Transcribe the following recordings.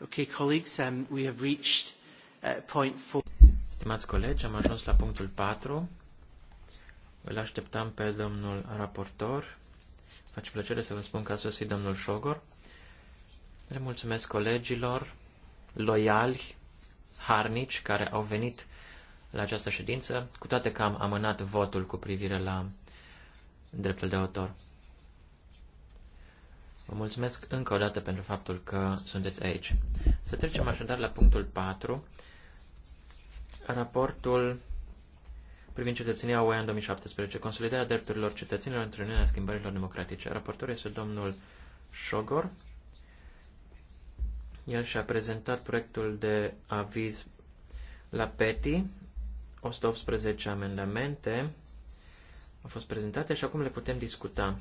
Okay, colleagues, um, we have reached uh, point four. Stimați colegi, am ajuns la punctul 4. Îl așteptam pe domnul raportor. Face plăcere să vă spun că a sosit domnul Șogor. Le mulțumesc colegilor loiali, harnici, care au venit la această ședință, cu toate că am amânat votul cu privire la dreptul de autor. Vă mulțumesc încă o dată pentru faptul că sunteți aici. Să trecem așadar la punctul 4, raportul privind cetățenia UE în 2017, consolidarea drepturilor cetățenilor într Uniunea Schimbărilor Democratice. Raportorul este domnul Șogor. El și-a prezentat proiectul de aviz la PETI, 118 amendamente au fost prezentate și acum le putem discuta.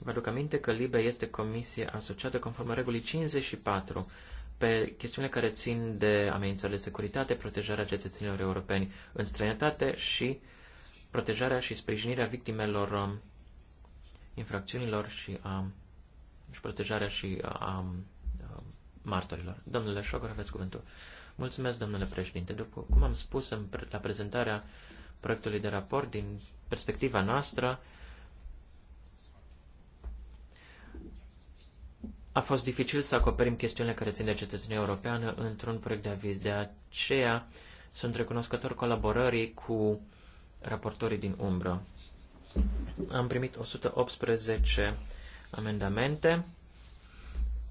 Vă aduc aminte că Libe este comisie asociată conform regulii 54 pe chestiunile care țin de amenințările de securitate, protejarea cetățenilor europeni în străinătate și protejarea și sprijinirea victimelor um, infracțiunilor și, um, și protejarea și um, um martorilor. Domnule Șogor, aveți cuvântul. Mulțumesc, domnule președinte. După cum am spus în, la prezentarea proiectului de raport, din perspectiva noastră, A fost dificil să acoperim chestiunile care țin de cetățenia europeană într-un proiect de aviz. De aceea sunt recunoscător colaborării cu raportorii din umbră. Am primit 118 amendamente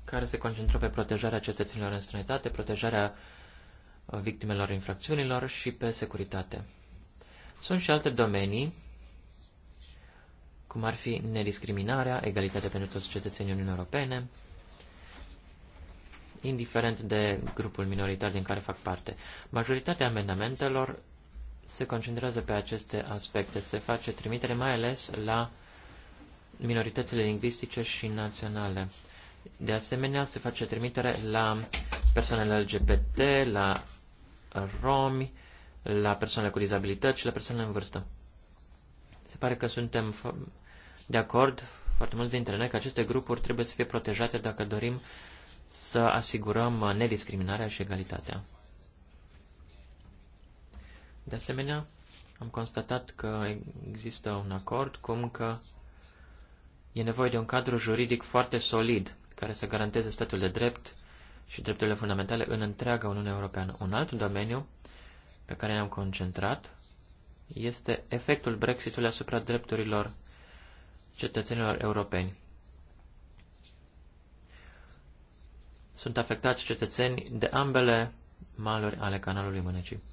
care se concentră pe protejarea cetățenilor în străinătate, protejarea victimelor infracțiunilor și pe securitate. Sunt și alte domenii, cum ar fi nediscriminarea, egalitatea pentru toți cetățenii Uniunii Europene, indiferent de grupul minoritar din care fac parte. Majoritatea amendamentelor se concentrează pe aceste aspecte. Se face trimitere mai ales la minoritățile lingvistice și naționale. De asemenea, se face trimitere la persoanele LGBT, la romi, la persoanele cu dizabilități și la persoanele în vârstă. Se pare că suntem de acord, foarte mulți dintre noi, că aceste grupuri trebuie să fie protejate dacă dorim să asigurăm nediscriminarea și egalitatea. De asemenea, am constatat că există un acord cum că e nevoie de un cadru juridic foarte solid care să garanteze statul de drept și drepturile fundamentale în întreaga Uniune Europeană. Un alt domeniu pe care ne-am concentrat este efectul Brexitului asupra drepturilor cetățenilor europeni. sunt afectați cetățeni de ambele maluri ale canalului Mânecii.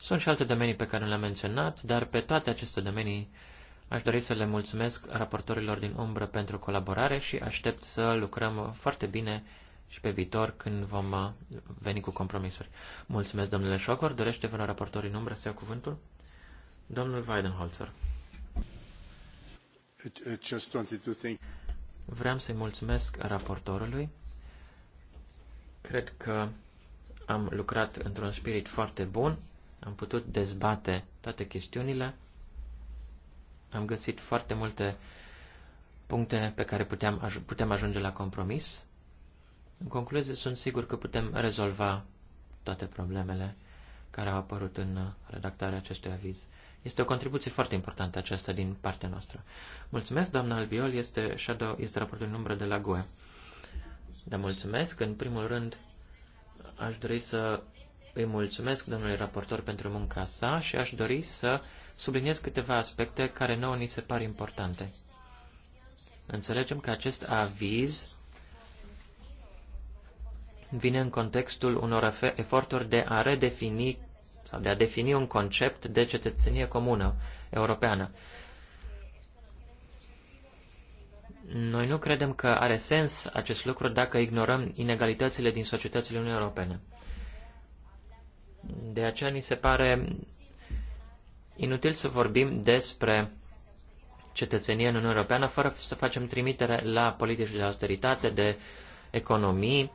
Sunt și alte domenii pe care le-am menționat, dar pe toate aceste domenii aș dori să le mulțumesc raportorilor din umbră pentru colaborare și aștept să lucrăm foarte bine și pe viitor când vom veni cu compromisuri. Mulțumesc, domnule Șocor. Dorește vreun raportor în umbră să ia cuvântul? Domnul Weidenholzer. Just wanted to think. Vreau să-i mulțumesc raportorului. Cred că am lucrat într-un spirit foarte bun, am putut dezbate toate chestiunile, am găsit foarte multe puncte pe care puteam, putem ajunge la compromis. În concluzie, sunt sigur că putem rezolva toate problemele care a apărut în redactarea acestui aviz. Este o contribuție foarte importantă aceasta din partea noastră. Mulțumesc, doamna Albiol, este, shadow, este raportul numără de la GUE. Da, mulțumesc. În primul rând, aș dori să îi mulțumesc domnului raportor pentru munca sa și aș dori să subliniez câteva aspecte care nouă ni se par importante. Înțelegem că acest aviz vine în contextul unor eforturi de a redefini sau de a defini un concept de cetățenie comună europeană. Noi nu credem că are sens acest lucru dacă ignorăm inegalitățile din societățile Uniunii Europene. De aceea ni se pare inutil să vorbim despre cetățenie în Uniunea Europeană fără să facem trimitere la politici de austeritate, de economii,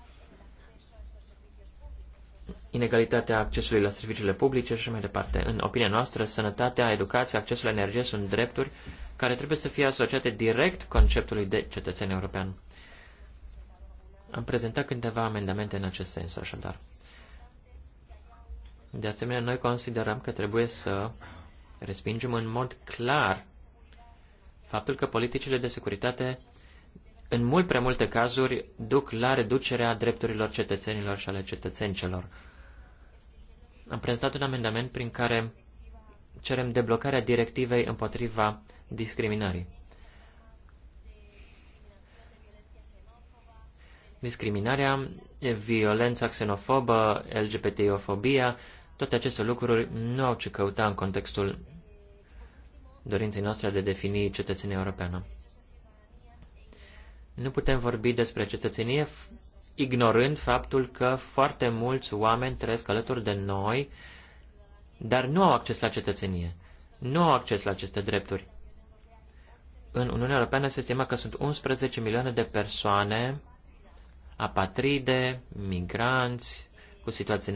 inegalitatea accesului la serviciile publice și așa mai departe. În opinia noastră, sănătatea, educația, accesul la energie sunt drepturi care trebuie să fie asociate direct conceptului de cetățean european. Am prezentat câteva amendamente în acest sens, așadar. De asemenea, noi considerăm că trebuie să respingem în mod clar faptul că politicile de securitate în mult prea multe cazuri duc la reducerea drepturilor cetățenilor și ale cetățencelor. Am prezentat un amendament prin care cerem deblocarea directivei împotriva discriminării. Discriminarea, violența xenofobă, LGBTI-ofobia, toate aceste lucruri nu au ce căuta în contextul dorinței noastre de a defini cetățenia europeană. Nu putem vorbi despre cetățenie ignorând faptul că foarte mulți oameni trăiesc alături de noi, dar nu au acces la cetățenie, nu au acces la aceste drepturi. În Uniunea Europeană se estima că sunt 11 milioane de persoane apatride, migranți, cu situație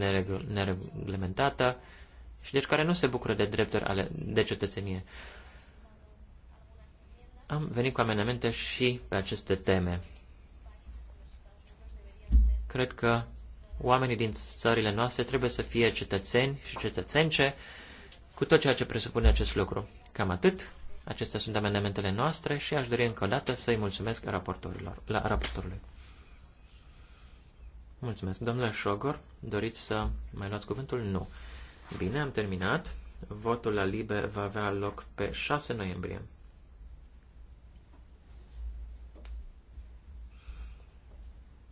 nereglementată și deci care nu se bucură de drepturi ale, de cetățenie. Am venit cu amenamente și pe aceste teme. Cred că oamenii din țările noastre trebuie să fie cetățeni și cetățence cu tot ceea ce presupune acest lucru. Cam atât. Acestea sunt amendamentele noastre și aș dori încă o dată să-i mulțumesc raportorilor, la raportorului. Mulțumesc. Domnule Șogor, doriți să mai luați cuvântul? Nu. Bine, am terminat. Votul la liber va avea loc pe 6 noiembrie.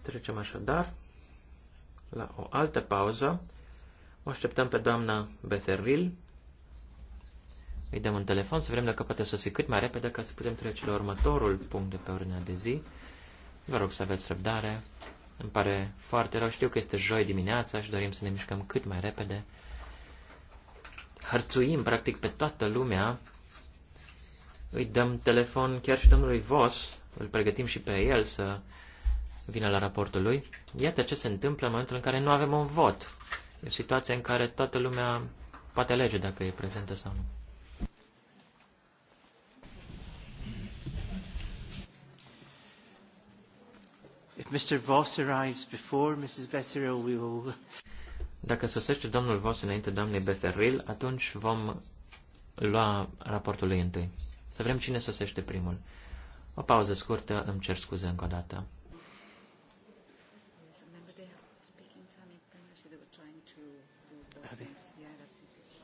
Trecem așadar la o altă pauză. O așteptăm pe doamna Betheril. Îi dăm un telefon să vedem dacă poate sosi cât mai repede ca să putem trece la următorul punct de pe ordinea de zi. Vă rog să aveți răbdare. Îmi pare foarte rău. Știu că este joi dimineața și dorim să ne mișcăm cât mai repede. Hărțuim, practic, pe toată lumea. Îi dăm telefon chiar și domnului Vos. Îl pregătim și pe el să vine la raportul lui. Iată ce se întâmplă în momentul în care nu avem un vot. E o situație în care toată lumea poate alege dacă e prezentă sau nu. If Mr. Voss arrives before Mrs. we will... Dacă sosește domnul Voss înainte doamnei Beferil, atunci vom lua raportul lui întâi. Să vrem cine sosește primul. O pauză scurtă, îmi cer scuze încă o dată. to do the things. Yeah, that's 56.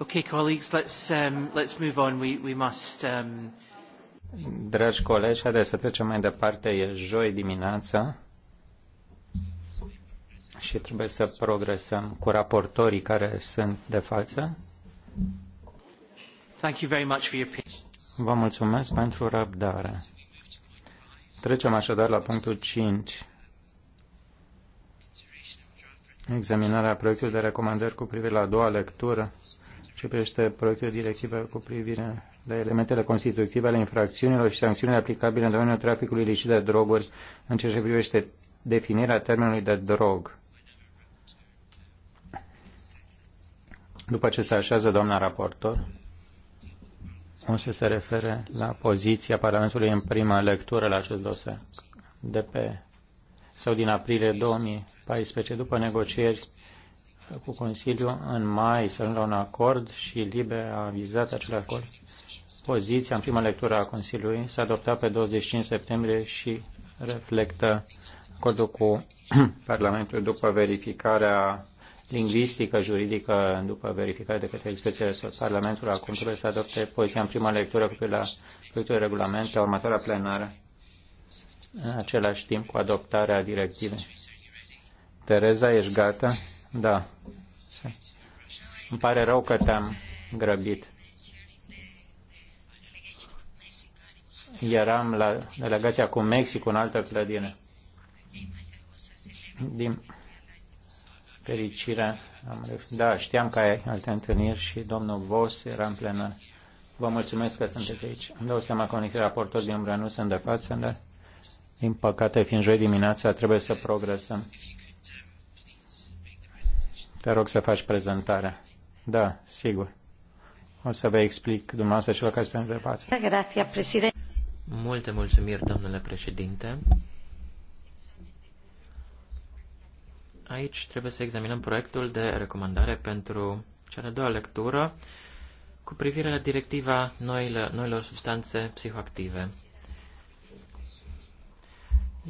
Okay, colleagues, let's, um, let's move on. We, we must, um... Dragi colegi, haideți să trecem mai departe. E joi dimineața și trebuie să progresăm cu raportorii care sunt de față. Thank you very much for your Vă mulțumesc pentru răbdare. Trecem așadar la punctul 5. Examinarea proiectului de recomandări cu privire la a doua lectură ce privește proiectul directivă cu privire la elementele constitutive ale infracțiunilor și sancțiunile aplicabile în domeniul traficului ilicit de droguri în ceea ce privește definirea termenului de drog. După ce se așează doamna raportor, o să se refere la poziția Parlamentului în prima lectură la acest dosar de pe sau din aprilie 2014, după negocieri cu Consiliul în mai să la un acord și Libe a vizat acel acord. Poziția în prima lectură a Consiliului s-a adoptat pe 25 septembrie și reflectă acordul cu Parlamentul după verificarea lingvistică, juridică, după verificare de către experții Parlamentului, acum trebuie să adopte poziția în prima lectură cu la proiectul de regulament la următoarea plenară, în același timp cu adoptarea directivei. Tereza, ești gata? Da. Îmi pare rău că te-am grăbit. Eram la delegația cu Mexic în altă clădină. Din fericire, am ref... Da, știam că ai alte întâlniri și domnul Vos era în plenă. Vă mulțumesc că sunteți aici. Îmi dau seama că unii raportori din umbră nu sunt de față, dar din păcate, fiind joi dimineața, trebuie să progresăm. Te rog să faci prezentarea. Da, sigur. O să vă explic dumneavoastră și vă care sunt întrebați. Grația, președinte. Multe mulțumiri, domnule președinte. Aici trebuie să examinăm proiectul de recomandare pentru cea de-a doua lectură cu privire la directiva noile, noilor substanțe psihoactive.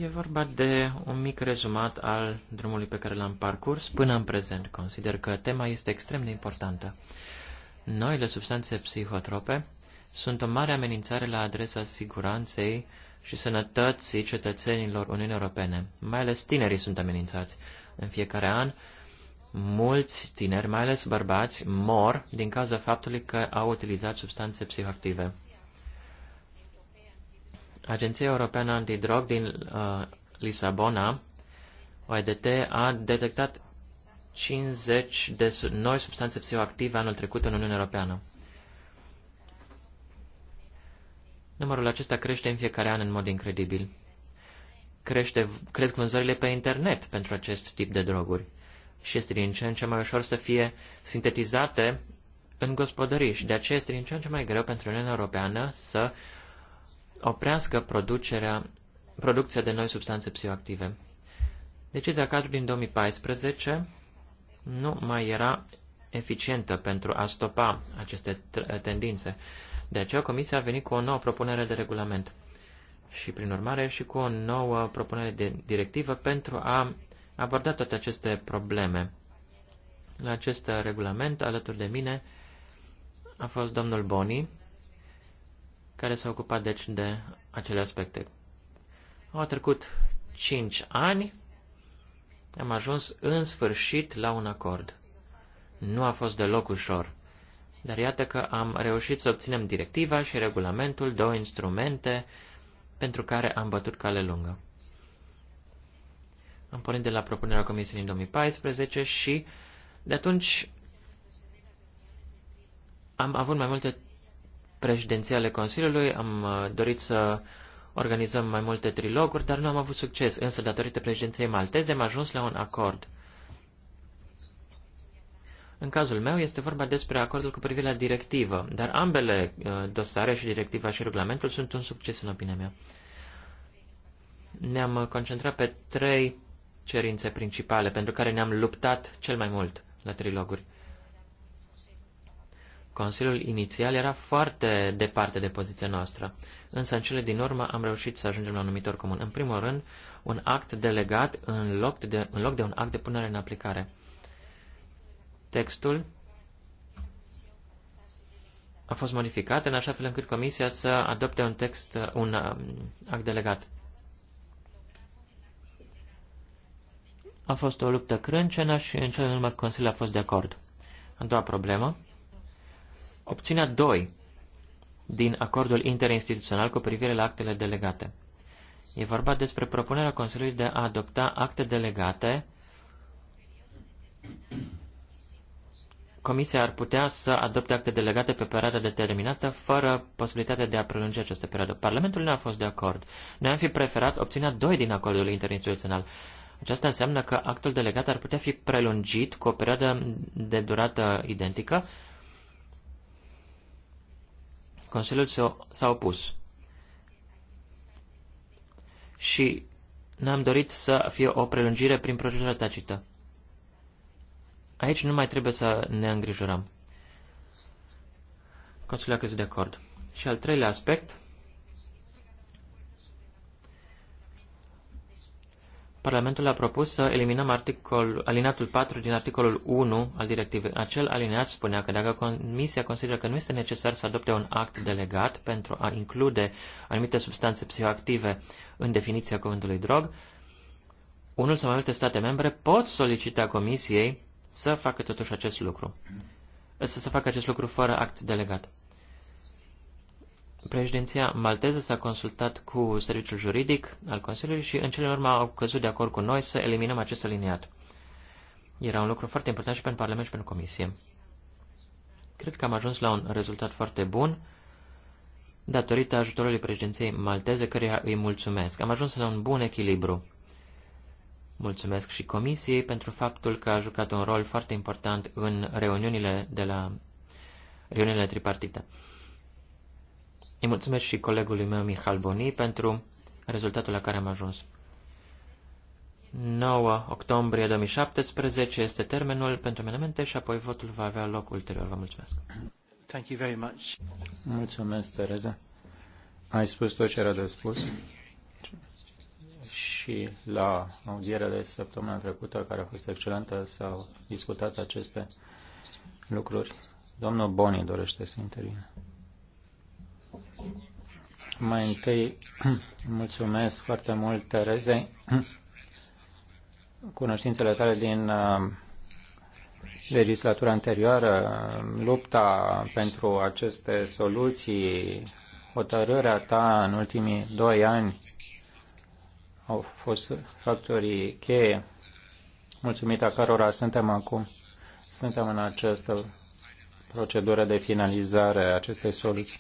E vorba de un mic rezumat al drumului pe care l-am parcurs până în prezent. Consider că tema este extrem de importantă. Noile substanțe psihotrope sunt o mare amenințare la adresa siguranței și sănătății cetățenilor Uniunii Europene. Mai ales tinerii sunt amenințați. În fiecare an, mulți tineri, mai ales bărbați, mor din cauza faptului că au utilizat substanțe psihoactive. Agenția Europeană Antidrog din uh, Lisabona, OEDT, a detectat 50 de noi substanțe psihoactive anul trecut în Uniunea Europeană. Numărul acesta crește în fiecare an în mod incredibil. Crește, cresc vânzările pe internet pentru acest tip de droguri și este din ce în ce mai ușor să fie sintetizate în gospodării și de aceea este din ce în ce mai greu pentru Uniunea Europeană să oprească producerea, producția de noi substanțe psihoactive. Decizia cadru din 2014 nu mai era eficientă pentru a stopa aceste tendințe. De aceea, Comisia a venit cu o nouă propunere de regulament și, prin urmare, și cu o nouă propunere de directivă pentru a aborda toate aceste probleme. La acest regulament, alături de mine, a fost domnul Boni, care s-a ocupat deci de acele aspecte. Au trecut 5 ani, am ajuns în sfârșit la un acord. Nu a fost deloc ușor, dar iată că am reușit să obținem directiva și regulamentul, două instrumente pentru care am bătut cale lungă. Am pornit de la propunerea Comisiei în 2014 și de atunci am avut mai multe președinție ale Consiliului, am uh, dorit să organizăm mai multe triloguri, dar nu am avut succes. Însă, datorită președinției malteze, am ajuns la un acord. În cazul meu este vorba despre acordul cu privire la directivă, dar ambele uh, dosare și directiva și regulamentul sunt un succes în opinia mea. Ne-am uh, concentrat pe trei cerințe principale pentru care ne-am luptat cel mai mult la triloguri. Consiliul inițial era foarte departe de poziția noastră, însă în cele din urmă am reușit să ajungem la un numitor comun. În primul rând, un act delegat în loc de, în loc de un act de punere în aplicare. Textul a fost modificat în așa fel încât Comisia să adopte un text, un um, act delegat. A fost o luptă crâncenă și în cel din urmă Consiliul a fost de acord. A doua problemă opțiunea 2 din acordul interinstituțional cu privire la actele delegate. E vorba despre propunerea Consiliului de a adopta acte delegate. Comisia ar putea să adopte acte delegate pe perioadă determinată, fără posibilitatea de a prelungi această perioadă. Parlamentul nu a fost de acord. Noi am fi preferat opțiunea 2 din acordul interinstituțional. Aceasta înseamnă că actul delegat ar putea fi prelungit cu o perioadă de durată identică, Consiliul s-a opus. Și ne-am dorit să fie o prelungire prin procedura tacită. Aici nu mai trebuie să ne îngrijorăm. Consiliul a căzut de acord. Și al treilea aspect Parlamentul a propus să eliminăm articol, alineatul 4 din articolul 1 al directivei. Acel alineat spunea că dacă Comisia consideră că nu este necesar să adopte un act delegat pentru a include anumite substanțe psihoactive în definiția cuvântului drog, unul sau mai multe state membre pot solicita Comisiei să facă totuși acest lucru. Să, să facă acest lucru fără act delegat. Președinția malteză s-a consultat cu serviciul juridic al Consiliului și în cele urmă au căzut de acord cu noi să eliminăm acest aliniat. Era un lucru foarte important și pentru Parlament și pentru Comisie. Cred că am ajuns la un rezultat foarte bun datorită ajutorului președinției malteze, care îi mulțumesc. Am ajuns la un bun echilibru. Mulțumesc și Comisiei pentru faptul că a jucat un rol foarte important în reuniunile de la reuniunile tripartite. Îi mulțumesc și colegului meu, Mihal Boni, pentru rezultatul la care am ajuns. 9 octombrie 2017 este termenul pentru amendamente și apoi votul va avea loc ulterior. Vă mulțumesc. Thank you very much. Mulțumesc, Tereza. Ai spus tot ce era de spus și la audierea de săptămâna trecută, care a fost excelentă, s-au discutat aceste lucruri. Domnul Boni dorește să intervină. Mai întâi, mulțumesc foarte mult, Tereze. Cunoștințele tale din uh, legislatura anterioară, lupta pentru aceste soluții, hotărârea ta în ultimii doi ani au fost factorii cheie, mulțumită cărora suntem acum. Suntem în această procedură de finalizare a acestei soluții.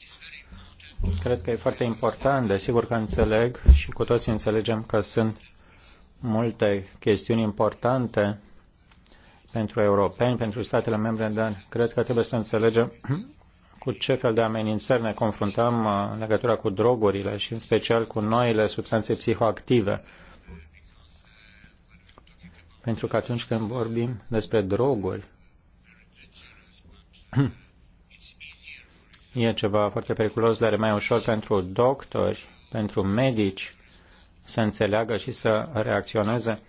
Cred că e foarte important, desigur că înțeleg și cu toții înțelegem că sunt multe chestiuni importante pentru europeni, pentru statele membre, dar cred că trebuie să înțelegem cu ce fel de amenințări ne confruntăm uh, în legătură cu drogurile și în special cu noile substanțe psihoactive. Pentru că atunci când vorbim despre droguri, e ceva foarte periculos, dar e mai ușor pentru doctori, pentru medici să înțeleagă și să reacționeze,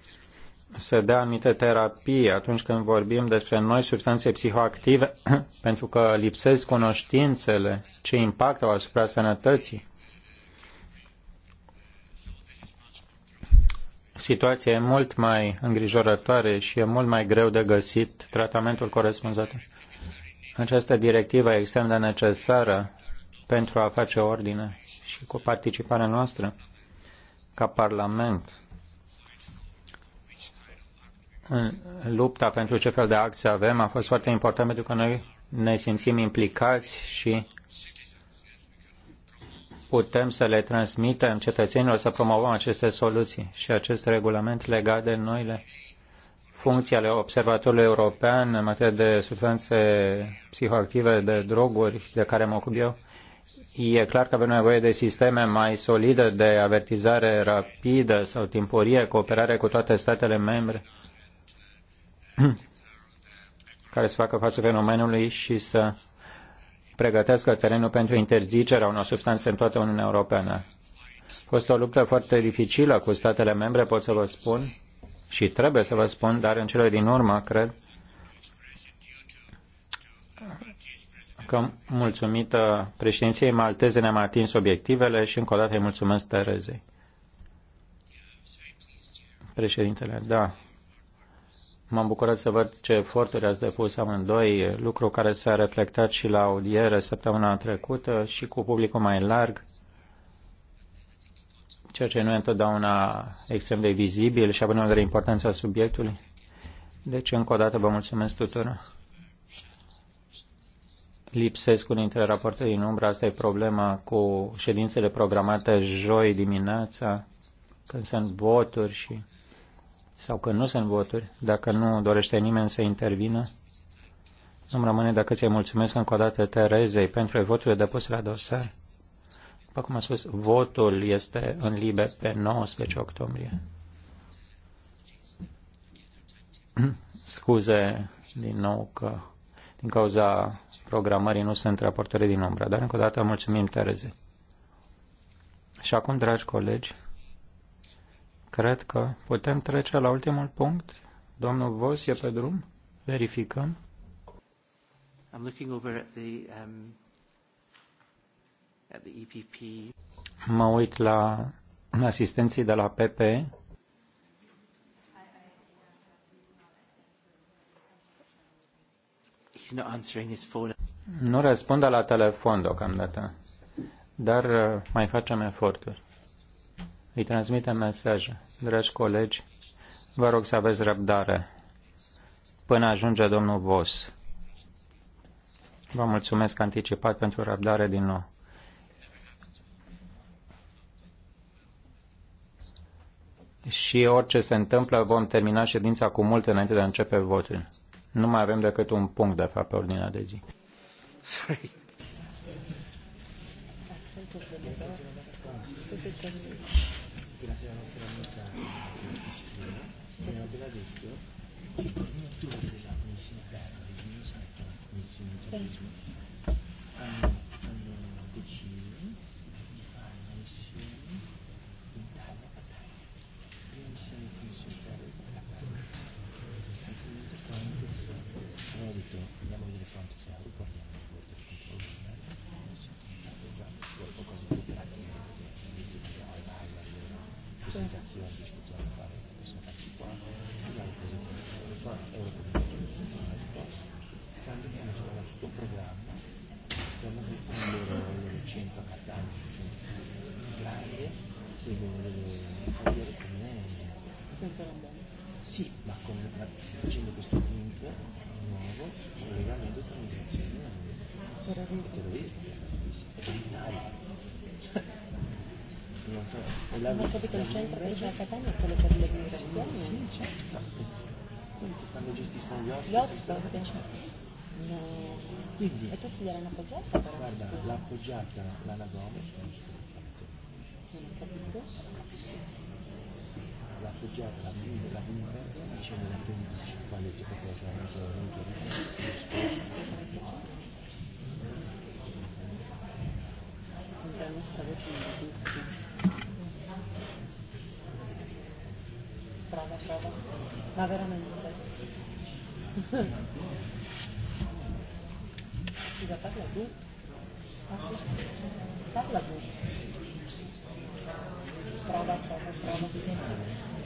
să dea anumite terapii atunci când vorbim despre noi substanțe psihoactive, pentru că lipsesc cunoștințele, ce impact au asupra sănătății. Situația e mult mai îngrijorătoare și e mult mai greu de găsit tratamentul corespunzător. Această directivă extrem de necesară pentru a face ordine și cu participarea noastră ca Parlament în lupta pentru ce fel de acți avem a fost foarte important pentru că noi ne simțim implicați și putem să le transmitem cetățenilor să promovăm aceste soluții și acest regulament legat de noile funcții ale Observatorului European în materie de substanțe psihoactive, de droguri și de care mă ocup eu, e clar că avem nevoie de sisteme mai solide de avertizare rapidă sau timpurie, cooperare cu toate statele membre care să facă față fenomenului și să pregătească terenul pentru interzicerea unor substanțe în toată Uniunea Europeană. A fost o luptă foarte dificilă cu statele membre, pot să vă spun, și trebuie să vă spun, dar în cele din urmă cred că mulțumită președinției malteze ne-am atins obiectivele și încă o dată îi mulțumesc Terezei. Președintele, da. M-am bucurat să văd ce eforturi ați depus amândoi, lucru care s-a reflectat și la audiere săptămâna trecută și cu publicul mai larg ceea ce nu e întotdeauna extrem de vizibil și având în vedere importanța subiectului. Deci, încă o dată, vă mulțumesc tuturor. Lipsesc unul dintre raporte din umbră, asta e problema cu ședințele programate joi dimineața, când sunt voturi și sau când nu sunt voturi, dacă nu dorește nimeni să intervină. Nu-mi rămâne dacă ți-ai mulțumesc încă o dată Terezei pentru voturile depuse la dosar după cum am spus, votul este în libe pe 19 octombrie. Scuze din nou că din cauza programării nu sunt raportări din umbră, dar încă o dată mulțumim, Tereze. Și acum, dragi colegi, cred că putem trece la ultimul punct. Domnul Vos e pe drum? Verificăm. I'm looking over at the um, Mă uit la asistenții de la PP. Nu răspunde la telefon deocamdată, dar uh, mai facem eforturi. Îi transmitem mesaje. Dragi colegi, vă rog să aveți răbdare până ajunge domnul Vos. Vă mulțumesc anticipat pentru răbdare din nou. și orice se întâmplă, vom termina ședința cu mult înainte de a începe votul. Nu mai avem decât un punct, de fapt, pe ordinea de zi. Sorry. Thank you. senza random. Sì, ma come, facendo questo punto nuovo, collegamento tra migrazione e terrorismo. terrorismo. È binario. Non so, è la ma proprio il centro che c'è a Catania è quello per le migrazioni? Sì, certo. Quando gestiscono gli ospiti. Gli ospiti, certo. No. Quindi, e tutti gli erano appoggiati? però? Guarda, l'ha appoggiata l'anagoma. Non ho capito la fugiata, la bimba, la bimba, c'è la prima quando ti protegge la mia Brava, brava, ma veramente. Scusa, parla tu? Parla, parla tu. Brava, brava, brava.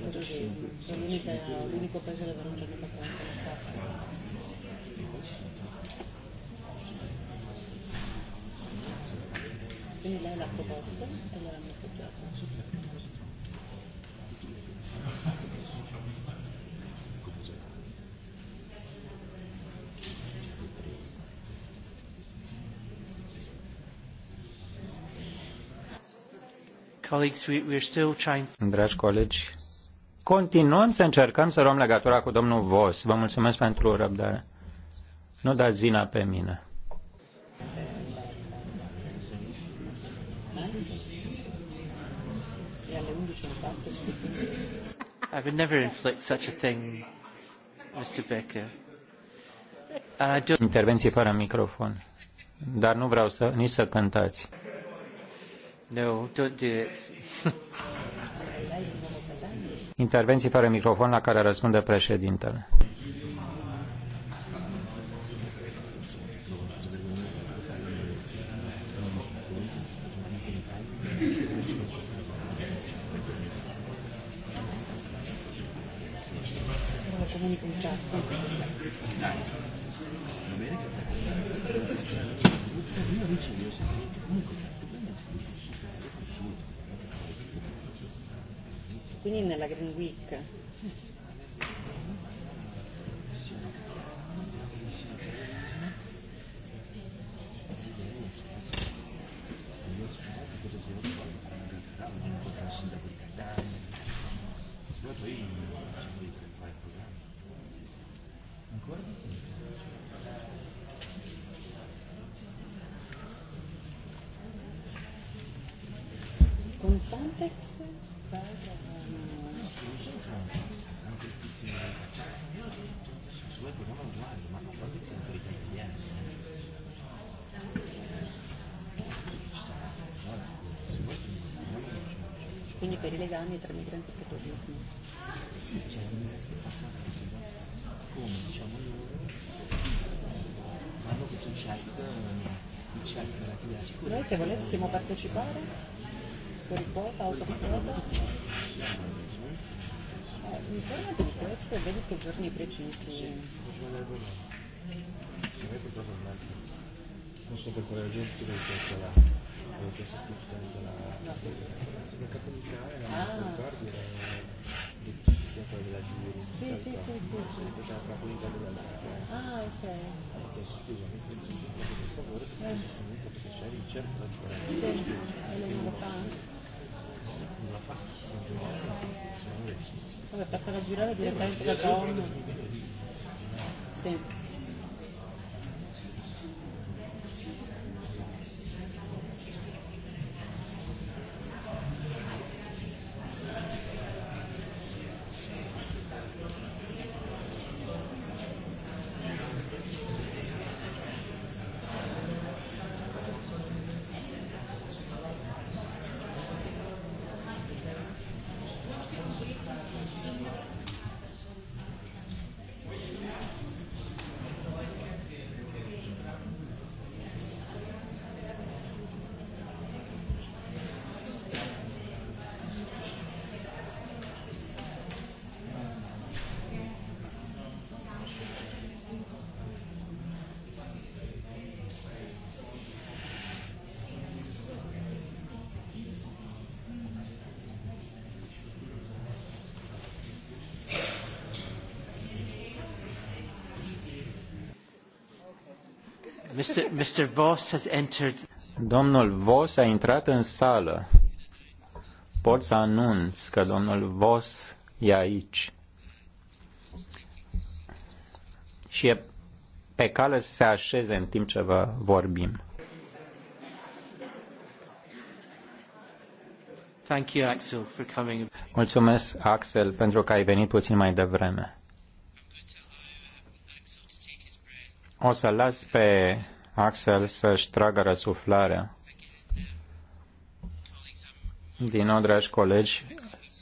nosotros y el, única, el único la Quindi lei l'ha proposto e allora mi Dragi colegi, continuăm să încercăm să luăm legătura cu domnul Vos. Vă mulțumesc pentru răbdare. Nu dați vina pe mine. I would never inflict such a thing, Mr. Becker. And I don't... Intervenție fără microfon. Dar nu vreau să, nici să cântați. No, don't do it. Intervenții fără microfon la care răspunde președintele. Berlin la Green Week. i legami tra migranti che così. Sì, come diciamo loro, questo il Noi se volessimo partecipare, fuori quota, autoquota, eh, informati di questo e vedi che giorni precisi. Sì, facciamo la Non so per quale ragione si deve calcolare quello che si è successo la, la capacità era ah. ricordi era sia quella della giuri sì, sì, sì, sì, sì. la capacità della larga ah ok ha chiesto scusa per favore perché sono venuto perché c'è Richard da giocare sì, e lei non lo fa non la fa vabbè fatela girare direttamente da Tom sì Mr. Mr. Voss has entered. Domnul Voss a intrat în sală. Pot să anunț că domnul Voss e aici. Și e pe cale să se așeze în timp ce vă vorbim. Thank you, Axel, for coming. Mulțumesc, Axel, pentru că ai venit puțin mai devreme. O să las pe Axel să-și tragă răsuflarea. Din nou, dragi colegi,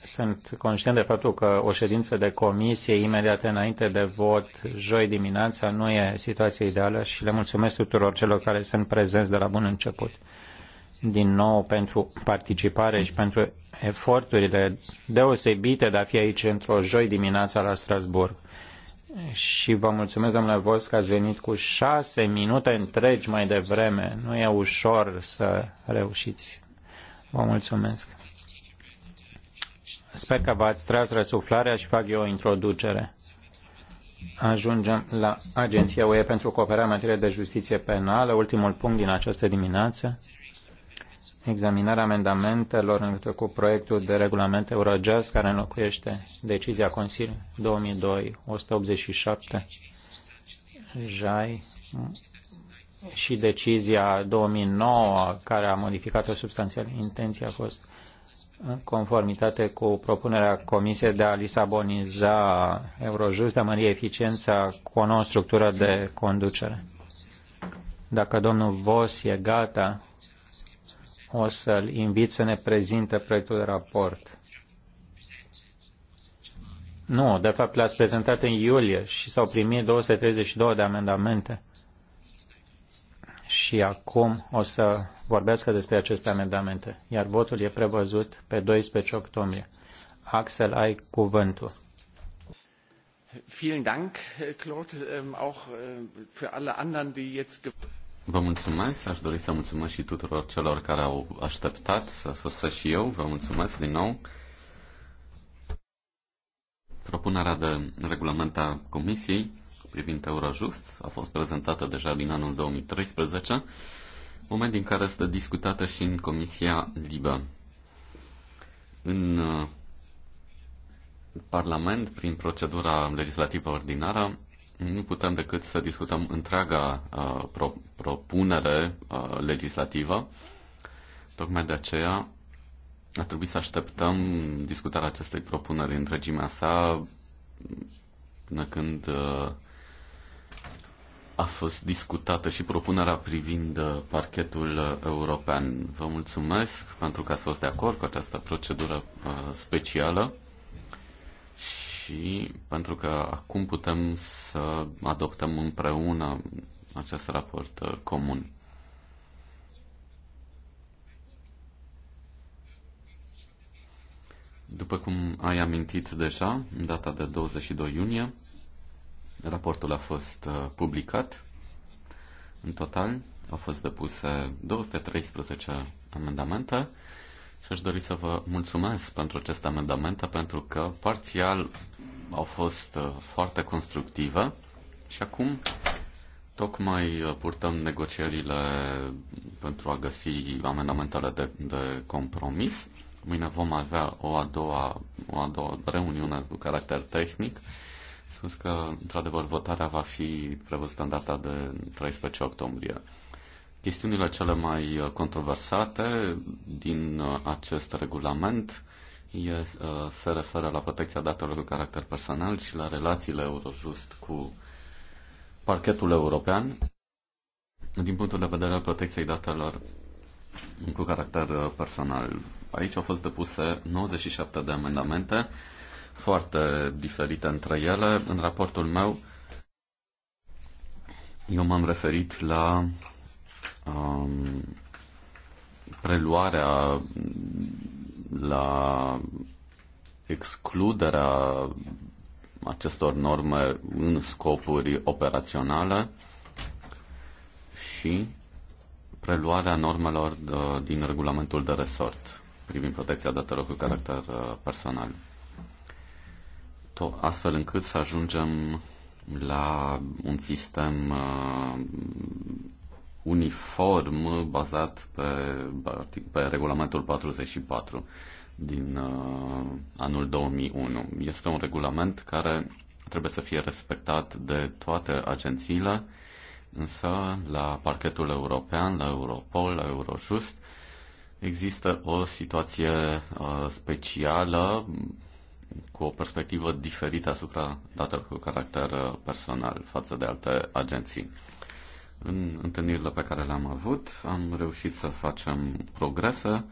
sunt conștient de faptul că o ședință de comisie imediat înainte de vot, joi dimineața, nu e situația ideală și le mulțumesc tuturor celor care sunt prezenți de la bun început. Din nou, pentru participare și pentru eforturile deosebite de a fi aici într-o joi dimineața la Strasburg și vă mulțumesc, domnule Vos, că ați venit cu șase minute întregi mai devreme. Nu e ușor să reușiți. Vă mulțumesc. Sper că v-ați tras răsuflarea și fac eu o introducere. Ajungem la Agenția UE pentru Cooperarea în materie de justiție penală, ultimul punct din această dimineață examinarea amendamentelor în legătură cu proiectul de regulament Eurojust care înlocuiește decizia Consiliului 2002-187 JAI și decizia 2009 care a modificat-o substanțial. Intenția a fost în conformitate cu propunerea Comisiei de a lisaboniza Eurojust, de a mări eficiența cu o nouă structură de conducere. Dacă domnul Vos e gata, o să-l invit să ne prezinte proiectul de raport. Nu, de fapt l-ați prezentat în iulie și s-au primit 232 de amendamente. Și acum o să vorbească despre aceste amendamente, iar votul e prevăzut pe 12 octombrie. Axel, ai cuvântul. Vielen Dank, Claude, ähm, auch äh, für alle anderen, die jetzt Vă mulțumesc, aș dori să mulțumesc și tuturor celor care au așteptat să sosesc și eu. Vă mulțumesc din nou. Propunerea de regulament a Comisiei privind Eurojust a fost prezentată deja din anul 2013, moment din care este discutată și în Comisia Libă. În uh, Parlament, prin procedura legislativă ordinară, nu putem decât să discutăm întreaga propunere legislativă. Tocmai de aceea a trebuit să așteptăm discutarea acestei propuneri întregimea sa până când a fost discutată și propunerea privind parchetul european. Vă mulțumesc pentru că ați fost de acord cu această procedură specială și pentru că acum putem să adoptăm împreună acest raport uh, comun. După cum ai amintit deja, în data de 22 iunie, raportul a fost uh, publicat. În total au fost depuse 213 amendamente. Și aș dori să vă mulțumesc pentru aceste amendamente, pentru că parțial au fost uh, foarte constructive și acum tocmai uh, purtăm negocierile pentru a găsi amendamentele de, de compromis. Mâine vom avea o a doua, o a doua reuniune cu caracter tehnic. Spus că, într-adevăr, votarea va fi prevăzută în data de 13 octombrie. Chestiunile cele mai uh, controversate din uh, acest regulament uh, se referă la protecția datelor cu caracter personal și la relațiile Eurojust cu parchetul european. Din punctul de vedere al protecției datelor cu caracter personal, aici au fost depuse 97 de amendamente, foarte diferite între ele. În raportul meu, eu m-am referit la um, preluarea, la excluderea acestor norme în scopuri operaționale și preluarea normelor din regulamentul de resort privind protecția datelor cu caracter uh, personal. Tot astfel încât să ajungem la un sistem uh, uniform bazat pe, pe regulamentul 44 din uh, anul 2001. Este un regulament care trebuie să fie respectat de toate agențiile, însă la parchetul european, la Europol, la Eurojust, există o situație uh, specială cu o perspectivă diferită asupra datelor cu caracter uh, personal față de alte agenții. În întâlnirile pe care le-am avut, am reușit să facem progrese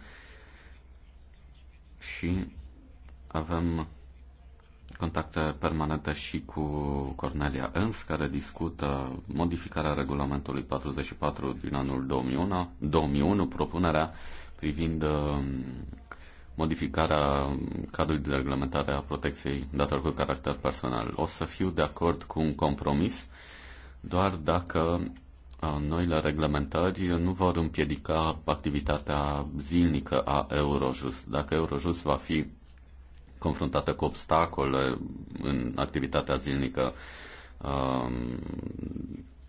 și avem contacte permanente și cu Cornelia Ens, care discută modificarea regulamentului 44 din anul 2001, 2001 propunerea privind uh, modificarea cadrului de reglementare a protecției datelor cu caracter personal. O să fiu de acord cu un compromis doar dacă noile reglementări nu vor împiedica activitatea zilnică a Eurojust. Dacă Eurojust va fi confruntată cu obstacole în activitatea zilnică um,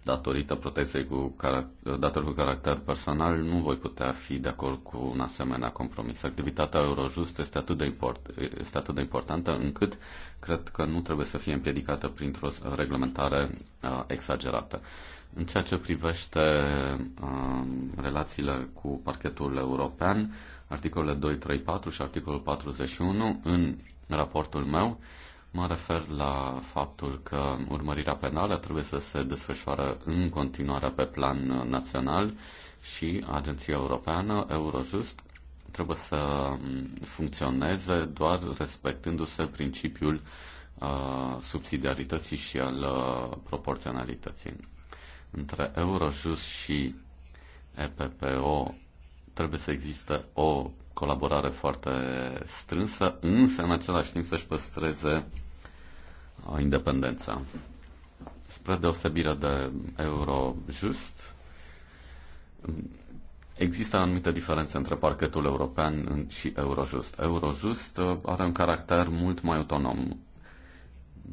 datorită protecției cu carac- cu caracter personal, nu voi putea fi de acord cu un asemenea compromis. Activitatea Eurojust este atât de, import- este atât de importantă încât cred că nu trebuie să fie împiedicată printr-o reglementare uh, exagerată. În ceea ce privește uh, relațiile cu parchetul european, articolele 2, 3, 4 și articolul 41, în raportul meu, mă refer la faptul că urmărirea penală trebuie să se desfășoare în continuare pe plan național și Agenția Europeană, Eurojust, trebuie să um, funcționeze doar respectându-se principiul uh, subsidiarității și al uh, proporționalității între Eurojust și EPPO trebuie să existe o colaborare foarte strânsă, însă în același timp să-și păstreze uh, independența. Spre deosebire de Eurojust, Există anumite diferențe între parchetul european și Eurojust. Eurojust uh, are un caracter mult mai autonom.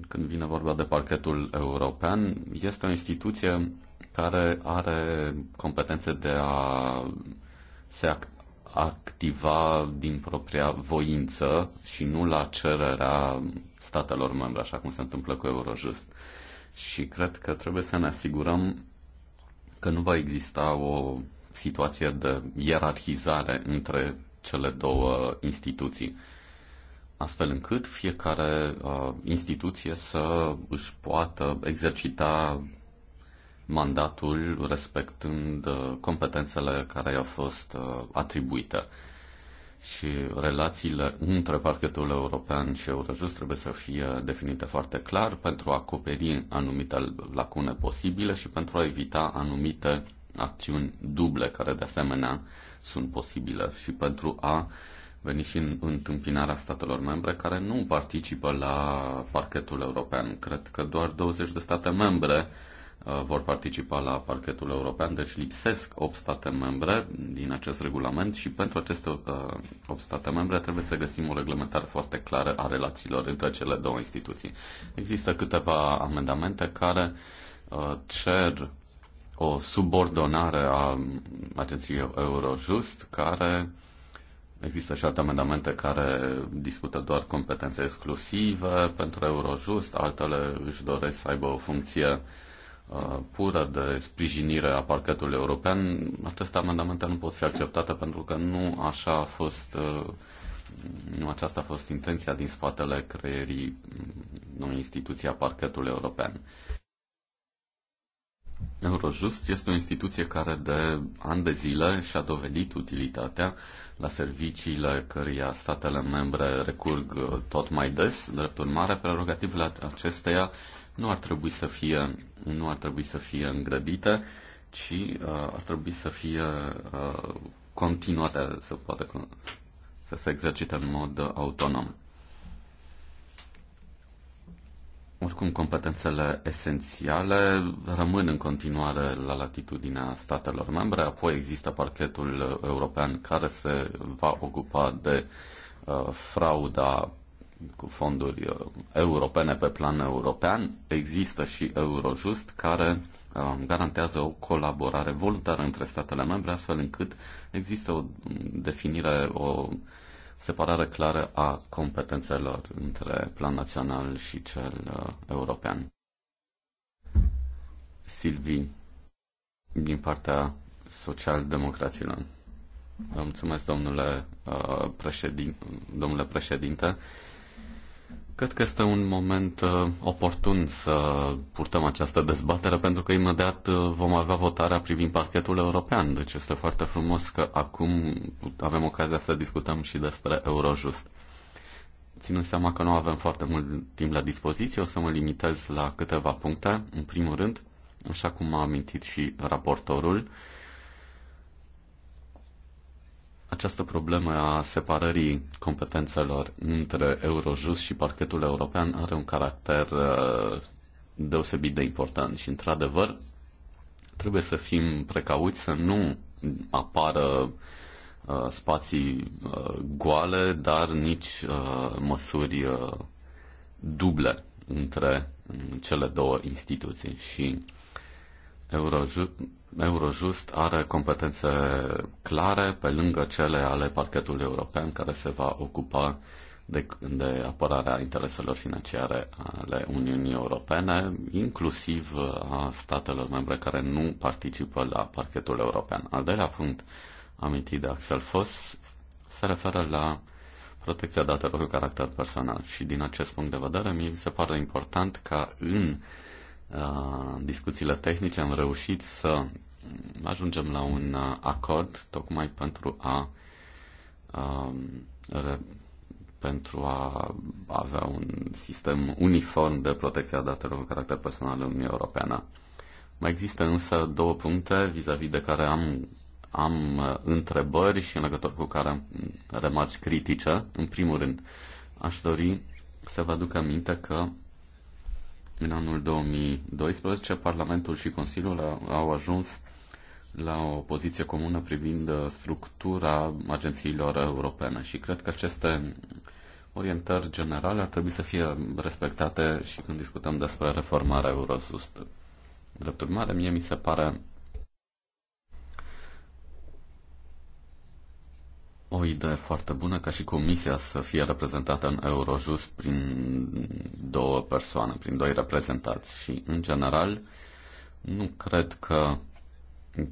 Când vine vorba de parchetul european, este o instituție care are competențe de a se activa din propria voință și nu la cererea statelor membre, așa cum se întâmplă cu Eurojust. Și cred că trebuie să ne asigurăm că nu va exista o situație de ierarhizare între cele două instituții, astfel încât fiecare uh, instituție să își poată exercita mandatul respectând uh, competențele care i-au fost uh, atribuite. Și relațiile între parchetul european și Eurojust trebuie să fie definite foarte clar pentru a acoperi anumite lacune posibile și pentru a evita anumite acțiuni duble care de asemenea sunt posibile și pentru a veni și în întâmpinarea statelor membre care nu participă la parchetul european. Cred că doar 20 de state membre Uh, vor participa la parchetul european, deci lipsesc 8 state membre din acest regulament și pentru aceste 8 uh, state membre trebuie să găsim o reglementare foarte clară a relațiilor între cele două instituții. Există câteva amendamente care uh, cer o subordonare a agenției Eurojust, care Există și alte amendamente care discută doar competențe exclusive pentru Eurojust, altele își doresc să aibă o funcție uh, Uh, pură de sprijinire a parchetului european, aceste amendamente nu pot fi acceptate pentru că nu așa a fost uh, nu aceasta a fost intenția din spatele creierii mm, unei instituții a parchetului european. Eurojust este o instituție care de ani de zile și-a dovedit utilitatea la serviciile căreia statele membre recurg uh, tot mai des. Drept urmare, prerogativele acesteia nu ar trebui să fie nu ar trebui să fie îngrădită, ci uh, ar trebui să fie uh, continuată, să poate să se exercite în mod autonom. Oricum, competențele esențiale rămân în continuare la latitudinea statelor membre, apoi există parchetul european care se va ocupa de uh, frauda cu fonduri uh, europene pe plan european, există și Eurojust care um, garantează o colaborare voluntară între statele membre, astfel încât există o definire, o separare clară a competențelor între plan național și cel uh, european. Silvi, din partea social-democraților. Vă mulțumesc, domnule, uh, domnule președinte. Cred că este un moment uh, oportun să purtăm această dezbatere pentru că imediat uh, vom avea votarea privind parchetul european. Deci este foarte frumos că acum avem ocazia să discutăm și despre Eurojust. Ținând seama că nu avem foarte mult timp la dispoziție, o să mă limitez la câteva puncte. În primul rând, așa cum a amintit și raportorul, uh, această problemă a separării competențelor între Eurojust și parchetul european are un caracter uh, deosebit de important și, într-adevăr, trebuie să fim precauți să nu apară uh, spații uh, goale, dar nici măsuri duble între cele două instituții și Eurojust, Eurojust are competențe clare pe lângă cele ale parchetului european care se va ocupa de, de apărarea intereselor financiare ale Uniunii Europene, inclusiv a statelor membre care nu participă la parchetul european. Al doilea punct amintit de Axel Foss se referă la protecția datelor cu caracter personal și din acest punct de vedere mi se pare important ca în Uh, discuțiile tehnice am reușit să ajungem la un uh, acord tocmai pentru a um, pentru a avea un sistem uniform de protecție a datelor în caracter personal în Uniunea Europeană. Mai există însă două puncte vis-a-vis -vis de care am, am uh, întrebări și în legătură cu care am remarci critice. În primul rând, aș dori să vă aduc aminte că în anul 2012, Parlamentul și Consiliul au ajuns la o poziție comună privind uh, structura agențiilor europene și cred că aceste orientări generale ar trebui să fie respectate și când discutăm despre reformarea Eurosust. Drept urmare, mie mi se pare o idee foarte bună ca și comisia să fie reprezentată în Eurojust prin două persoane, prin doi reprezentați și, în general, nu cred că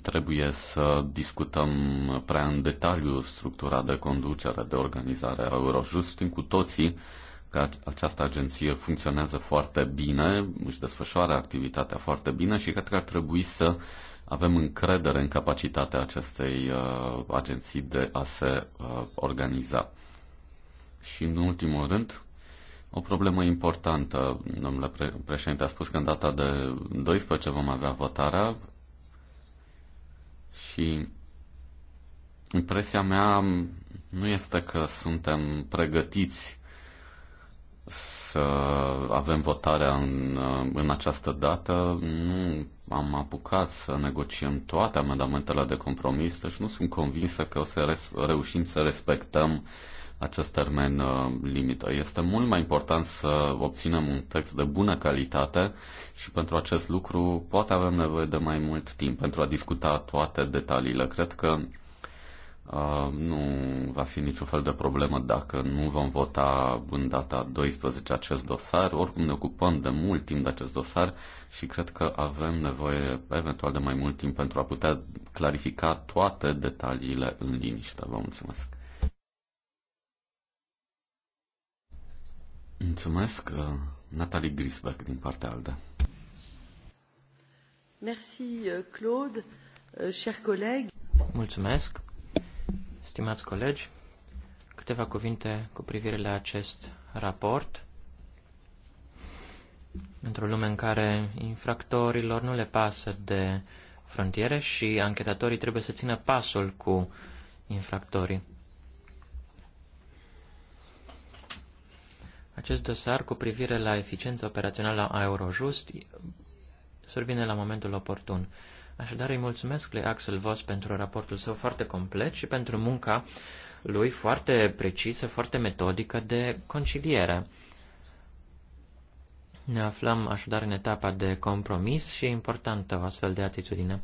trebuie să discutăm prea în detaliu structura de conducere, de organizare a Eurojust. Știm cu toții că această agenție funcționează foarte bine, își desfășoară activitatea foarte bine și cred că ar trebui să uh, avem încredere în capacitatea acestei uh, agenții de a se uh, organiza. Și în ultimul rând, o problemă importantă, domnule pre- președinte a spus că în data de 12 vom avea votarea și impresia mea nu este că suntem pregătiți să avem votarea în, în această dată. Nu am apucat să negociem toate amendamentele de compromis, deci nu sunt convinsă că o să res- reușim să respectăm acest termen uh, limită. Este mult mai important să obținem un text de bună calitate și pentru acest lucru poate avem nevoie de mai mult timp pentru a discuta toate detaliile. Cred că Uh, nu va fi niciun fel de problemă dacă nu vom vota în data 12 acest dosar. Oricum ne ocupăm de mult timp de acest dosar și cred că avem nevoie eventual de mai mult timp pentru a putea clarifica toate detaliile în liniște. Vă mulțumesc! Mulțumesc, uh, Natalie Grisbeck din partea ALDE. Merci, uh, Claude, chers collègues. Mulțumesc. Stimați colegi, câteva cuvinte cu privire la acest raport. Într-o lume în care infractorilor nu le pasă de frontiere și anchetatorii trebuie să țină pasul cu infractorii. Acest dosar cu privire la eficiența operațională a Eurojust survine la momentul oportun. Așadar, îi mulțumesc lui Axel Voss pentru raportul său foarte complet și pentru munca lui foarte precisă, foarte metodică de conciliere. Ne aflăm așadar în etapa de compromis și e importantă o astfel de atitudine.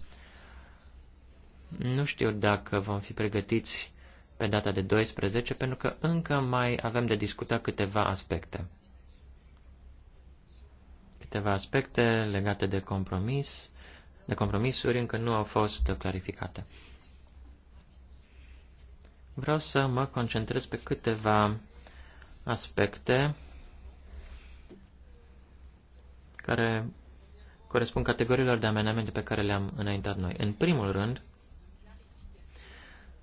Nu știu dacă vom fi pregătiți pe data de 12, pentru că încă mai avem de discutat câteva aspecte. Câteva aspecte legate de compromis, de compromisuri încă nu au fost clarificate. Vreau să mă concentrez pe câteva aspecte care corespund categoriilor de amenamente pe care le-am înaintat noi. În primul rând,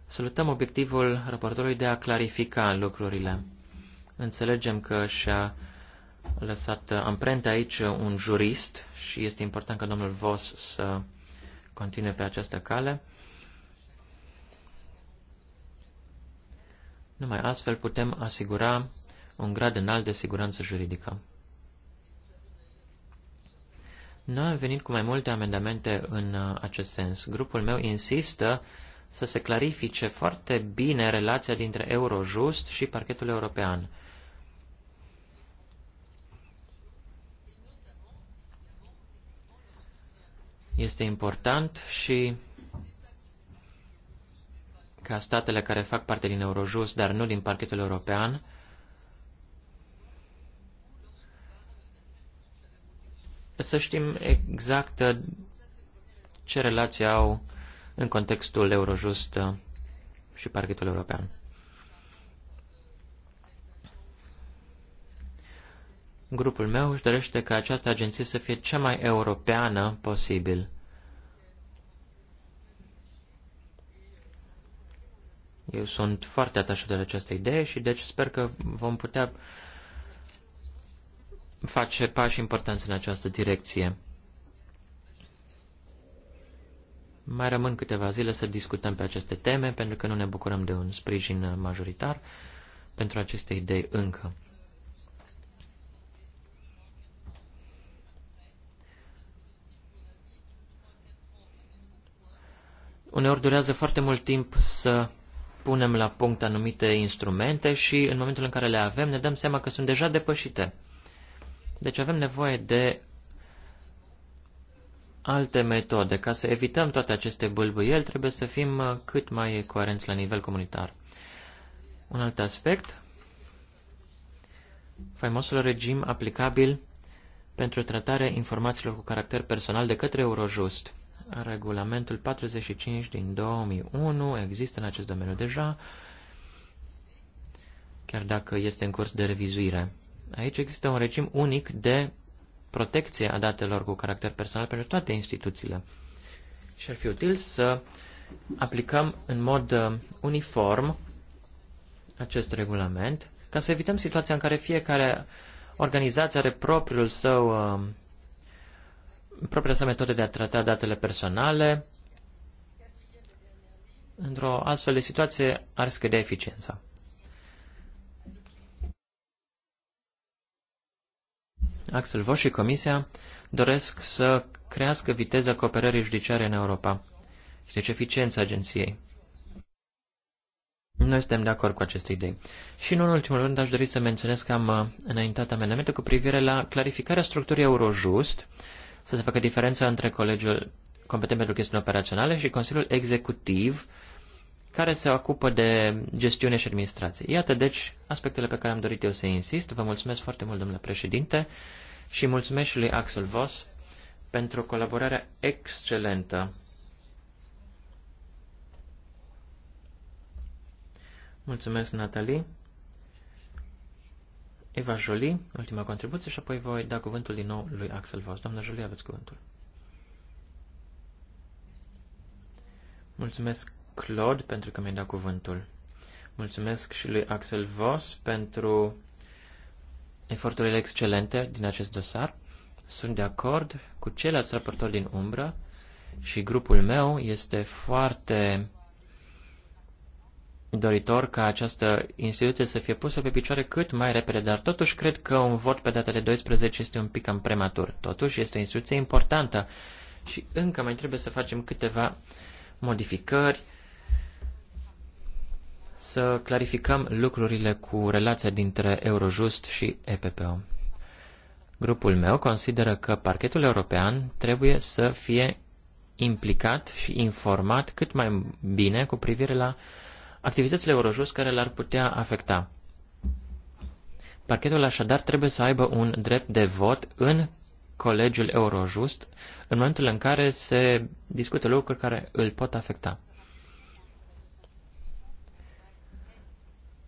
salutăm obiectivul raportorului de a clarifica lucrurile. Înțelegem că și-a lăsat amprente aici un jurist și este important ca domnul Vos să continue pe această cale. Numai astfel putem asigura un grad înalt de siguranță juridică. Noi am venit cu mai multe amendamente în acest sens. Grupul meu insistă să se clarifice foarte bine relația dintre Eurojust și parchetul european. Este important și ca statele care fac parte din Eurojust, dar nu din parchetul european, să știm exact uh, ce relații au în contextul Eurojust uh, și parchetul european. Grupul meu își dorește ca această agenție să fie cea mai europeană posibil. Eu sunt foarte atașat de această idee și deci sper că vom putea face pași importanți în această direcție. Mai rămân câteva zile să discutăm pe aceste teme, pentru că nu ne bucurăm de un sprijin majoritar pentru aceste idei încă. Uneori durează foarte mult timp să punem la punct anumite instrumente și în momentul în care le avem ne dăm seama că sunt deja depășite. Deci avem nevoie de alte metode. Ca să evităm toate aceste bâlbâieli, trebuie să fim uh, cât mai coerenți la nivel comunitar. Un alt aspect, faimosul regim aplicabil pentru tratarea informațiilor cu caracter personal de către Eurojust regulamentul 45 din 2001 există în acest domeniu deja, chiar dacă este în curs de revizuire. Aici există un regim unic de protecție a datelor cu caracter personal pentru toate instituțiile. Și ar fi util să aplicăm în mod uh, uniform acest regulament ca să evităm situația în care fiecare organizație are propriul său uh, propria sa metodă de a trata datele personale, într-o astfel de situație ar scădea eficiența. Axel Vos și Comisia doresc să crească viteza cooperării judiciare în Europa și deci eficiența agenției. Noi suntem de acord cu aceste idei. Și nu în ultimul rând aș dori să menționez că am înaintat amendamente cu privire la clarificarea structurii Eurojust, să se facă diferența între colegiul competent pentru chestiuni operaționale și Consiliul Executiv care se ocupă de gestiune și administrație. Iată, deci, aspectele pe care am dorit eu să insist. Vă mulțumesc foarte mult, domnule președinte, și mulțumesc și lui Axel Voss pentru colaborarea excelentă. Mulțumesc, Natalie. Eva Jolie, ultima contribuție și apoi voi da cuvântul din nou lui Axel Voss. Doamna Jolie, aveți cuvântul. Mulțumesc, Claude, pentru că mi-ai dat cuvântul. Mulțumesc și lui Axel Voss pentru eforturile excelente din acest dosar. Sunt de acord cu ceilalți raportori din umbră și grupul meu este foarte doritor ca această instituție să fie pusă pe picioare cât mai repede, dar totuși cred că un vot pe data de 12 este un pic în prematur. Totuși este o instituție importantă și încă mai trebuie să facem câteva modificări, să clarificăm lucrurile cu relația dintre Eurojust și EPPO. Grupul meu consideră că parchetul european trebuie să fie implicat și informat cât mai bine cu privire la uh, activitățile Eurojust care l-ar putea afecta. Parchetul așadar trebuie să aibă un drept de vot în colegiul Eurojust în momentul în care se discută lucruri care îl pot afecta.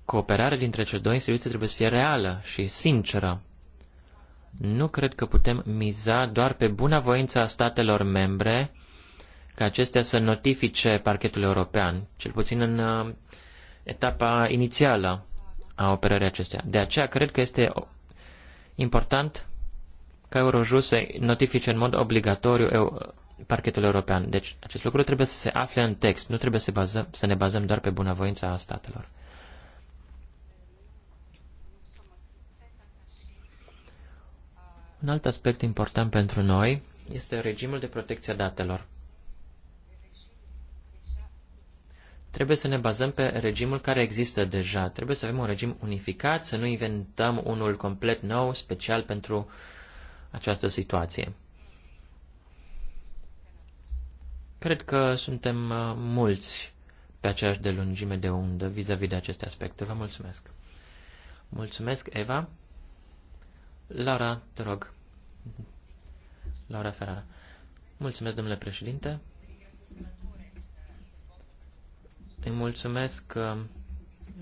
Cooperarea dintre cele două instituții trebuie să fie reală și sinceră. Nu cred că putem miza doar pe bunăvoința statelor membre ca acestea să notifice parchetul european, cel puțin în uh, etapa inițială a operării acesteia. De aceea cred că este important ca Eurojust să notifice în mod obligatoriu eu, parchetul european. Deci acest lucru trebuie să se afle în text, nu trebuie să, bazăm, să ne bazăm doar pe bunăvoința a statelor. Un alt aspect important pentru noi este regimul de protecție a datelor. Trebuie să ne bazăm pe regimul care există deja. Trebuie să avem un regim unificat, să nu inventăm unul complet nou, special pentru această situație. Cred că suntem uh, mulți pe aceeași de lungime de undă vis-a-vis -vis de aceste aspecte. Vă mulțumesc. Mulțumesc, Eva. Laura, te rog. Laura Ferrara. Mulțumesc, domnule președinte. Îi mulțumesc uh,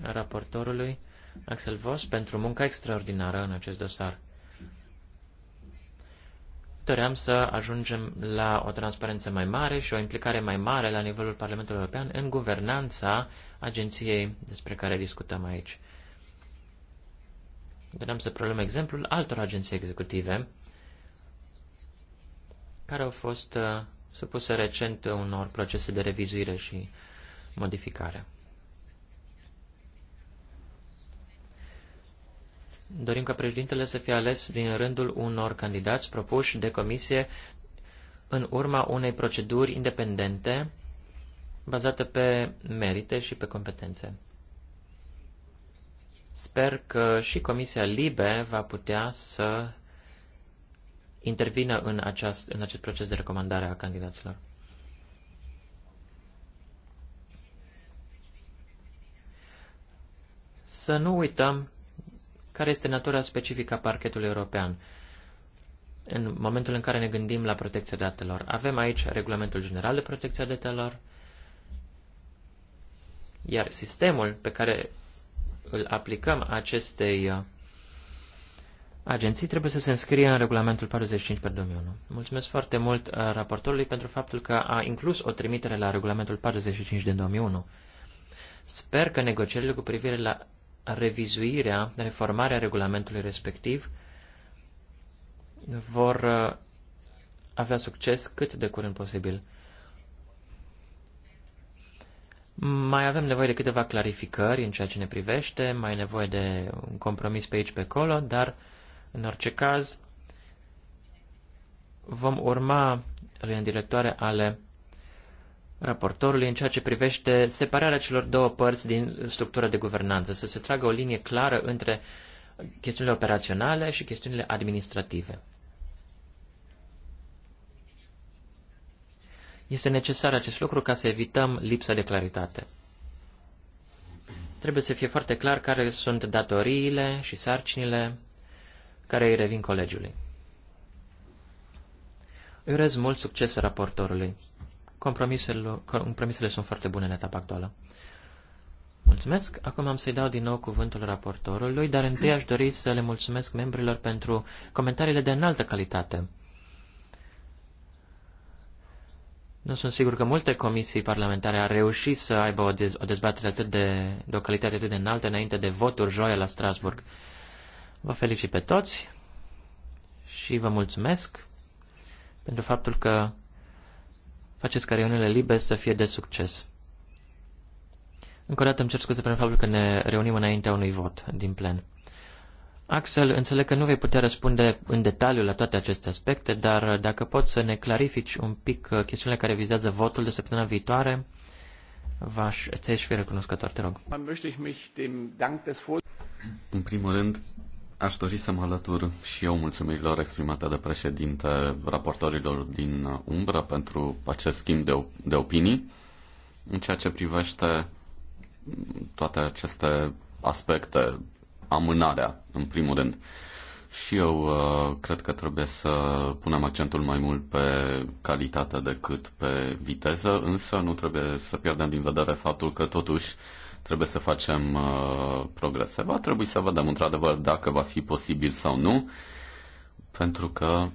raportorului Axel Voss pentru munca extraordinară în acest dosar. Doream să ajungem la o transparență mai mare și o implicare mai mare la nivelul Parlamentului European în guvernanța agenției despre care discutăm aici. Doream să preluăm exemplul altor agenții executive care au fost uh, supuse recent unor procese de revizuire și modificarea. Dorim ca președintele să fie ales din rândul unor candidați propuși de comisie în urma unei proceduri independente bazată pe merite și pe competențe. Sper că și Comisia Libe va putea să intervină în acest, în acest proces de recomandare a candidaților. să nu uităm care este natura specifică a parchetului european. În momentul în care ne gândim la protecția datelor, avem aici Regulamentul General de Protecție a Datelor, iar sistemul pe care îl aplicăm acestei uh, agenții trebuie să se înscrie în regulamentul 45 pe 2001. Mulțumesc foarte mult uh, raportorului pentru faptul că a inclus o trimitere la regulamentul 45 de 2001. Sper că negocierile cu privire la revizuirea, reformarea regulamentului respectiv vor uh, avea succes cât de curând posibil. Mai avem nevoie de câteva clarificări în ceea ce ne privește, mai e nevoie de un compromis pe aici, pe acolo, dar, în orice caz, vom urma în directoare ale raportorului în ceea ce privește separarea celor două părți din structura de guvernanță, să se tragă o linie clară între chestiunile operaționale și chestiunile administrative. Este necesar acest lucru ca să evităm lipsa de claritate. Trebuie să fie foarte clar care sunt datoriile și sarcinile care îi revin colegiului. Îi urez mult succes raportorului compromisele, compromisele sunt foarte bune în etapa actuală. Mulțumesc. Acum am să-i dau din nou cuvântul raportorului, dar întâi aș dori să le mulțumesc membrilor pentru comentariile de înaltă calitate. Nu sunt sigur că multe comisii parlamentare au reușit să aibă o, dez- o dezbatere atât de, de o calitate atât de înaltă înainte de voturi joia la Strasburg. Vă felicit pe toți și vă mulțumesc pentru faptul că faceți ca reuniunile libere să fie de succes. Încă o dată îmi cer scuze pentru faptul că ne reunim înaintea unui vot din plen. Axel, înțeleg că nu vei putea răspunde în detaliu la toate aceste aspecte, dar dacă poți să ne clarifici un pic uh, chestiunile care vizează votul de săptămâna viitoare, v-aș, ți-aș fi recunoscător, te rog. În primul rând, Aș dori să mă alătur și eu mulțumirilor exprimate de președinte raportorilor din umbră pentru acest schimb de, de opinii în ceea ce privește toate aceste aspecte, amânarea, în primul rând. Și eu uh, cred că trebuie să punem accentul mai mult pe calitate decât pe viteză, însă nu trebuie să pierdem din vedere faptul că totuși trebuie să facem uh, progrese. Va trebui să vedem într-adevăr dacă va fi posibil sau nu, pentru că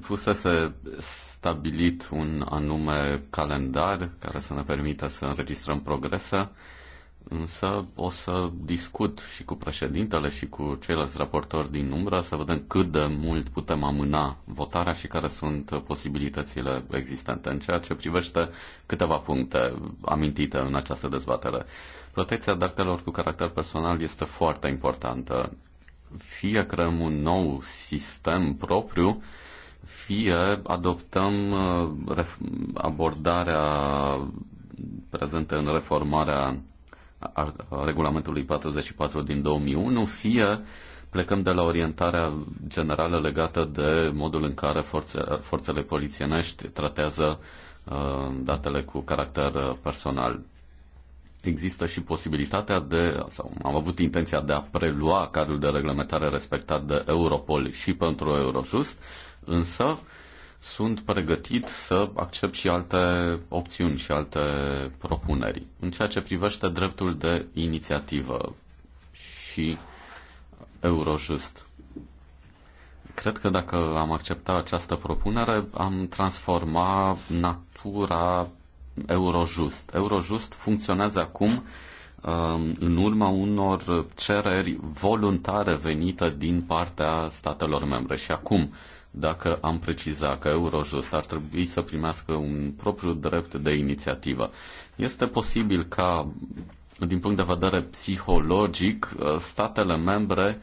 fusese stabilit un anume calendar care să ne permită să înregistrăm progrese. Uh, însă o să discut și cu președintele și cu ceilalți raportori din umbră să vedem cât de mult putem amâna votarea și care sunt posibilitățile existente în ceea ce privește câteva puncte amintite în această dezbatere. Protecția datelor cu caracter personal este foarte importantă. Fie creăm un nou sistem propriu, fie adoptăm uh, abordarea prezentă în reformarea regulamentului 44 din 2001, fie plecăm de la orientarea generală legată de modul în care forțe, forțele polițienești tratează uh, datele cu caracter personal. Există și posibilitatea de, sau am avut intenția de a prelua cadrul de reglementare respectat de Europol și pentru Eurojust, însă uh, sunt pregătit să accept și alte opțiuni și alte propuneri. În ceea ce privește dreptul de inițiativă și Eurojust. Cred că dacă am acceptat această propunere, am transforma natura Eurojust. Eurojust funcționează acum um, în urma unor cereri voluntare venite din partea statelor membre. Și acum dacă am preciza că Eurojust ar trebui să primească un propriu drept de inițiativă. Este posibil ca, din punct de vedere psihologic, ă, statele membre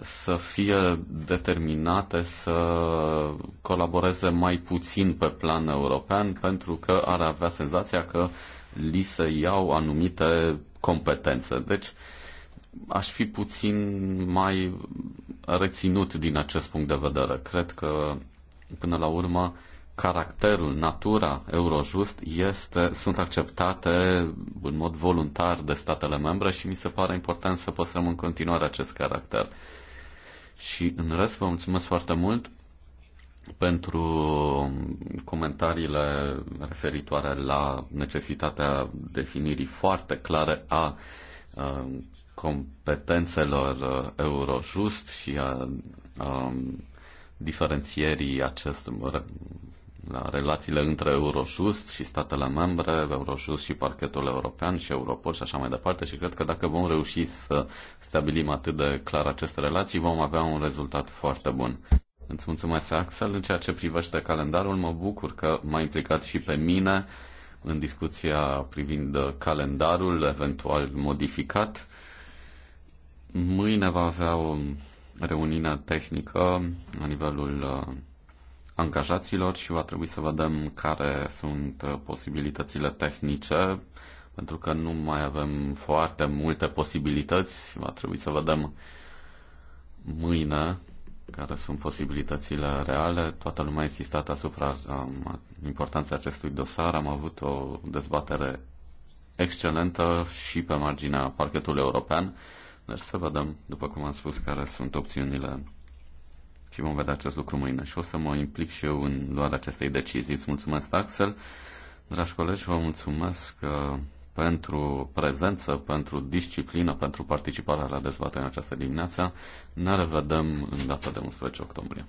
să fie determinate să colaboreze mai puțin pe plan european pentru că ar avea senzația că li se iau anumite competențe. Deci, uh, aș fi puțin mai reținut din acest punct de vedere. Cred că, până la urmă, caracterul, natura Eurojust este, sunt acceptate în mod voluntar de statele membre și mi se pare important să păstrăm în continuare acest caracter. Și în rest vă mulțumesc foarte mult pentru comentariile referitoare la necesitatea definirii foarte clare a uh, competențelor Eurojust și a, a diferențierii acest, la relațiile între Eurojust și statele membre, Eurojust și parchetul european și Europol și așa mai departe și cred că dacă vom reuși să stabilim atât de clar aceste relații, vom avea un rezultat foarte bun. Îți mulțumesc, Axel. În ceea ce privește calendarul, mă bucur că m-a implicat și pe mine în discuția privind calendarul eventual modificat. Mâine va avea o reuniune tehnică la nivelul uh, angajaților și va trebui să vedem care sunt uh, posibilitățile tehnice, pentru că nu mai avem foarte multe posibilități. Va trebui să vedem mâine care sunt posibilitățile reale. Toată lumea a insistat asupra um, importanței acestui dosar. Am avut o dezbatere excelentă și pe marginea parchetului european. Deci să vedem, după cum am spus, care sunt opțiunile și vom vedea acest lucru mâine. Și o să mă implic și eu în luarea acestei decizii. Îți mulțumesc, Axel. Dragi colegi, vă mulțumesc. Că uh, pentru prezență, pentru disciplină, pentru participarea la dezbaterea în această dimineață. Ne revedem în data de 11 octombrie.